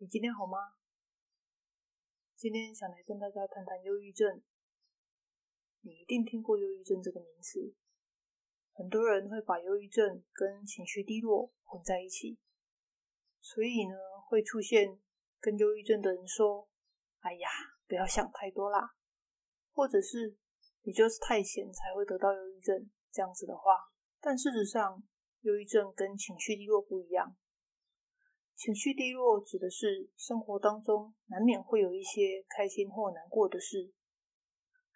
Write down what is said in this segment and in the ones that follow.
你今天好嗎？今天想來跟大家談談憂鬱症。你一定聽過憂鬱症這個名詞，很多人會把憂鬱症跟情緒低落混在一起，所以呢，會出現跟憂鬱症的人說：“哎呀，不要想太多啦”，或者是“你就是太閒才會得到憂鬱症”這樣子的話。但事實上，憂鬱症跟情緒低落不一樣。情緒低落指的是生活當中難免會有一些開心或難過的事，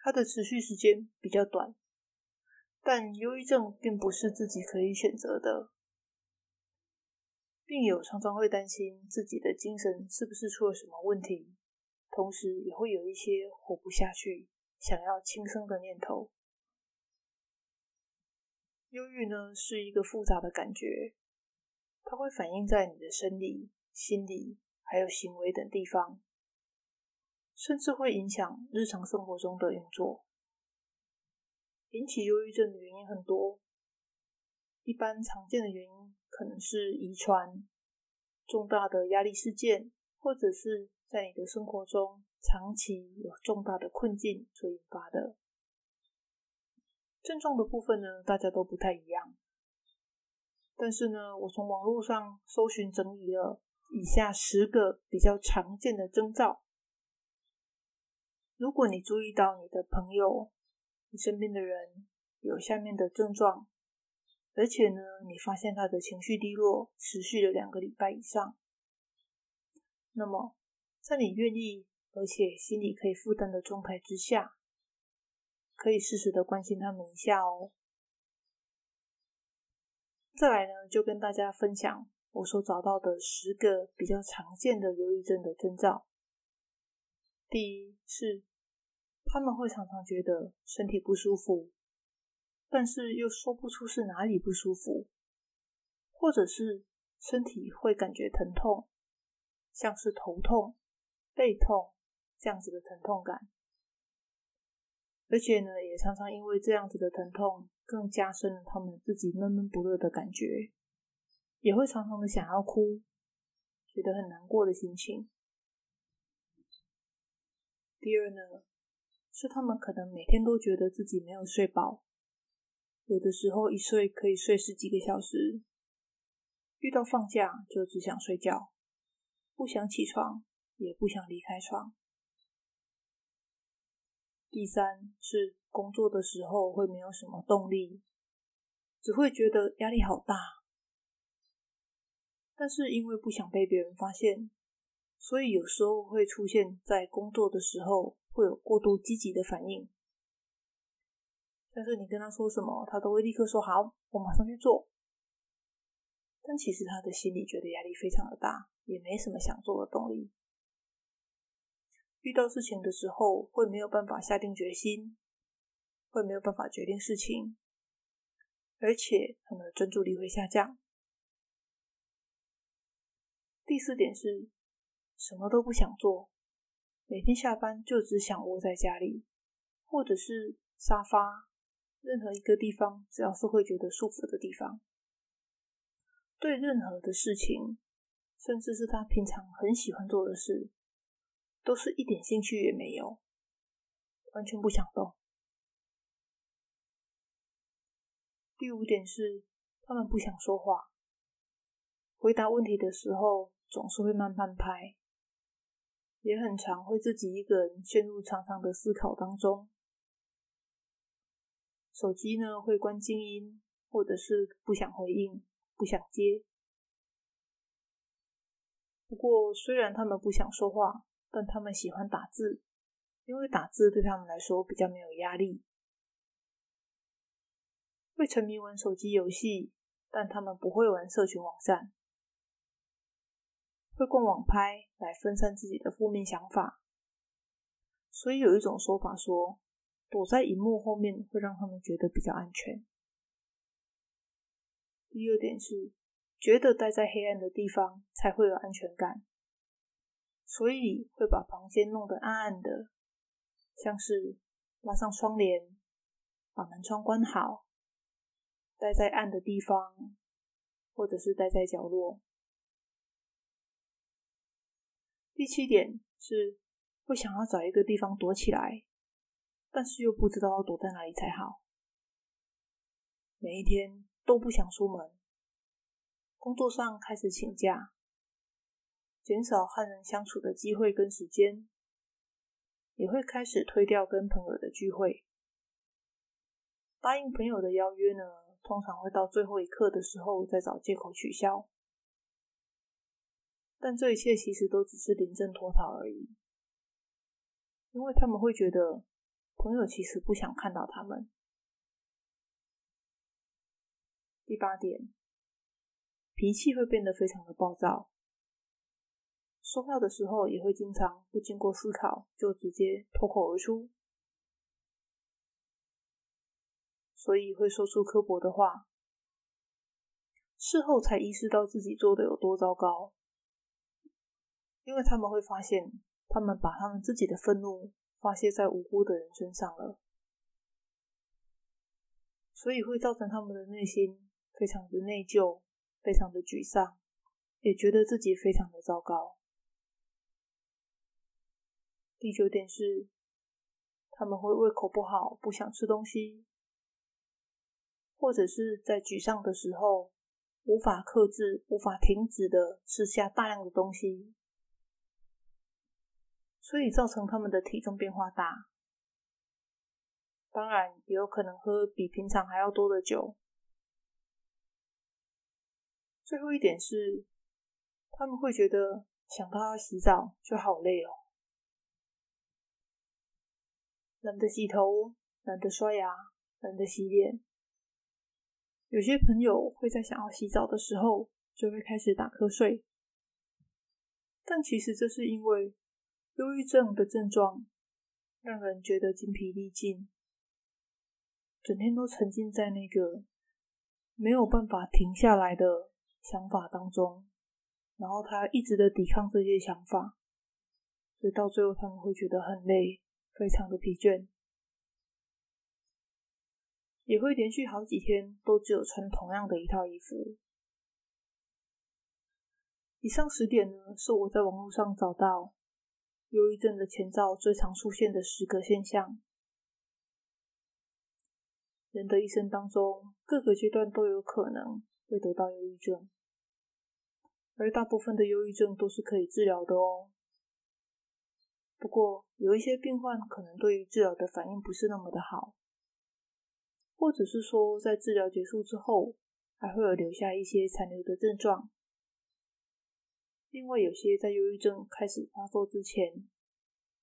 它的持續時間比較短。但憂鬱症並不是自己可以選擇的，病友常常會擔心自己的精神是不是出了什麼問題，同時也會有一些活不下去、想要輕生的念頭。憂鬱呢，是一個複雜的感覺。它會反映在你的生理、心理，還有行為等地方，甚至會影響日常生活中的運作。引起憂鬱症的原因很多，一般常見的原因可能是遺傳、重大的壓力事件，或者是在你的生活中長期有重大的困境所引發的。症狀的部分呢，大家都不太一樣。但是呢，我從網絡上搜尋整理了以下十個比較常見的徵兆。如果你注意到你的朋友、你身邊的人有下面的症狀，而且呢，你發現他的情緒低落持續了兩個禮拜以上，那麼在你願意而且心裡可以負擔的狀態之下，可以適時的關心他們一下哦。再來呢，就跟大家分享我所找到的十個比較常見的憂鬱症的徵兆。第一是，他們會常常覺得身體不舒服，但是又說不出是哪裡不舒服，或者是身體會感覺疼痛，像是頭痛、背痛這樣子的疼痛感。而且呢，也常常因為這樣子的疼痛，更加深了他們自己悶悶不樂的感覺，也會常常的想要哭，覺得很難過的心情。第二呢，是他們可能每天都覺得自己沒有睡飽，有的時候一睡可以睡十幾個小時，遇到放假就只想睡覺，不想起床，也不想離開床。第三是，工作的時候會沒有什麼動力，只會覺得壓力好大。但是因為不想被別人發現，所以有時候會出現在工作的時候會有過度積極的反應。但是你跟他說什麼，他都會立刻說好，我馬上去做。但其實他的心裡覺得壓力非常的大，也沒什麼想做的動力。遇到事情的時候，會沒有辦法下定決心，會沒有辦法決定事情，而且可能專注力會下降。第四點是，什麼都不想做，每天下班就只想窩在家裡，或者是沙發，任何一個地方只要是會覺得舒服的地方。對任何的事情，甚至是他平常很喜歡做的事。都是一點興趣也沒有，完全不想動。第五點是，他們不想說話，回答問題的時候總是會慢半拍，也很常會自己一個人陷入長長的思考當中。手機呢，會關靜音，或者是不想回應、不想接。不過，雖然他們不想說話，但他們喜歡打字，因為打字對他們來說比較沒有壓力。會沉迷玩手機遊戲，但他們不會玩社群網站。會逛網拍來分散自己的負面想法，所以有一種說法說，躲在螢幕後面會讓他們覺得比較安全。第二點是，覺得待在黑暗的地方才會有安全感。所以會把房間弄得暗暗的，像是拉上窗簾，把門窗關好，待在暗的地方，或者是待在角落。第七點是會想要找一個地方躲起來，但是又不知道要躲在哪裡才好。每一天都不想出門，工作上開始請假。減少和人相處的機會跟時間，也會開始推掉跟朋友的聚會。答應朋友的邀約呢，通常會到最後一刻的時候再找借口取消。但這一切其實都只是臨陣脫逃而已，因為他們會覺得朋友其實不想看到他們。第八點，脾氣會變得非常的暴躁。說話的時候也會經常不經過思考就直接脫口而出，所以會說出刻薄的話。事後才意識到自己做得有多糟糕，因為他們會發現他們把他們自己的憤怒發洩在無辜的人身上了，所以會造成他們的內心非常的內疚，非常的沮喪，也覺得自己非常的糟糕。第九點是，他們會胃口不好，不想吃東西，或者是在沮喪的時候，無法克制、無法停止的吃下大量的東西，所以造成他們的體重變化大。當然，也有可能喝比平常還要多的酒。最後一點是，他們會覺得想到要洗澡就好累哦。懶得洗頭，懶得刷牙，懶得洗臉。有些朋友會在想要洗澡的時候，就會開始打瞌睡，但其實這是因為憂鬱症的症狀讓人覺得筋疲力盡，整天都沉浸在那個沒有辦法停下來的想法當中，然後他一直的抵抗這些想法，所以到最後他們會覺得很累。非常的疲倦，也會連續好幾天都只有穿同樣的一套衣服。以上十點呢，是我在網絡上找到憂鬱症的前兆最常出現的十個現象。人的一生當中，各個階段都有可能會得到憂鬱症，而大部分的憂鬱症都是可以治療的哦。不過，有一些病患可能對於治療的反應不是那麼的好，或者是說，在治療結束之後，還會有留下一些殘留的症狀。另外，有些在憂鬱症開始發作之前，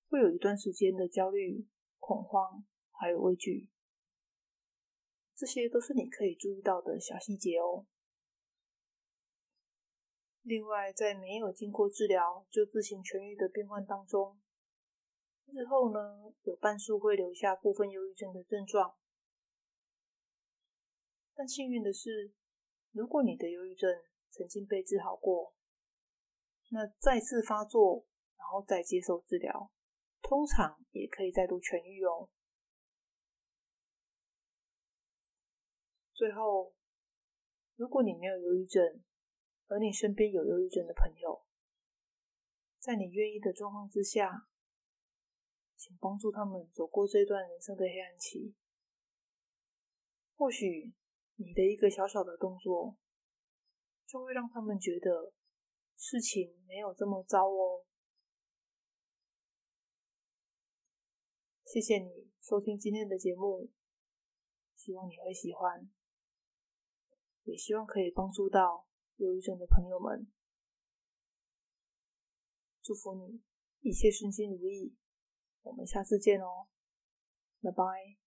會有一段時間的焦慮、恐慌，還有畏懼，這些都是你可以注意到的小細節哦。另外，在沒有經過治療就自行痊癒的病患當中，之後呢，有半數會留下部分憂鬱症的症狀，但幸運的是，如果你的憂鬱症曾經被治好過，那再次發作，然後再接受治療，通常也可以再度痊癒喔。最後，如果你沒有憂鬱症，而你身邊有憂鬱症的朋友，在你願意的狀況之下。請幫助他們走過這段人生的黑暗期。或許你的一個小小的動作，就會讓他們覺得事情沒有這麼糟哦。謝謝你收聽今天的節目，希望你會喜歡，也希望可以幫助到憂鬱症的朋友們。祝福你一切順心如意。我們下次見哦，拜拜。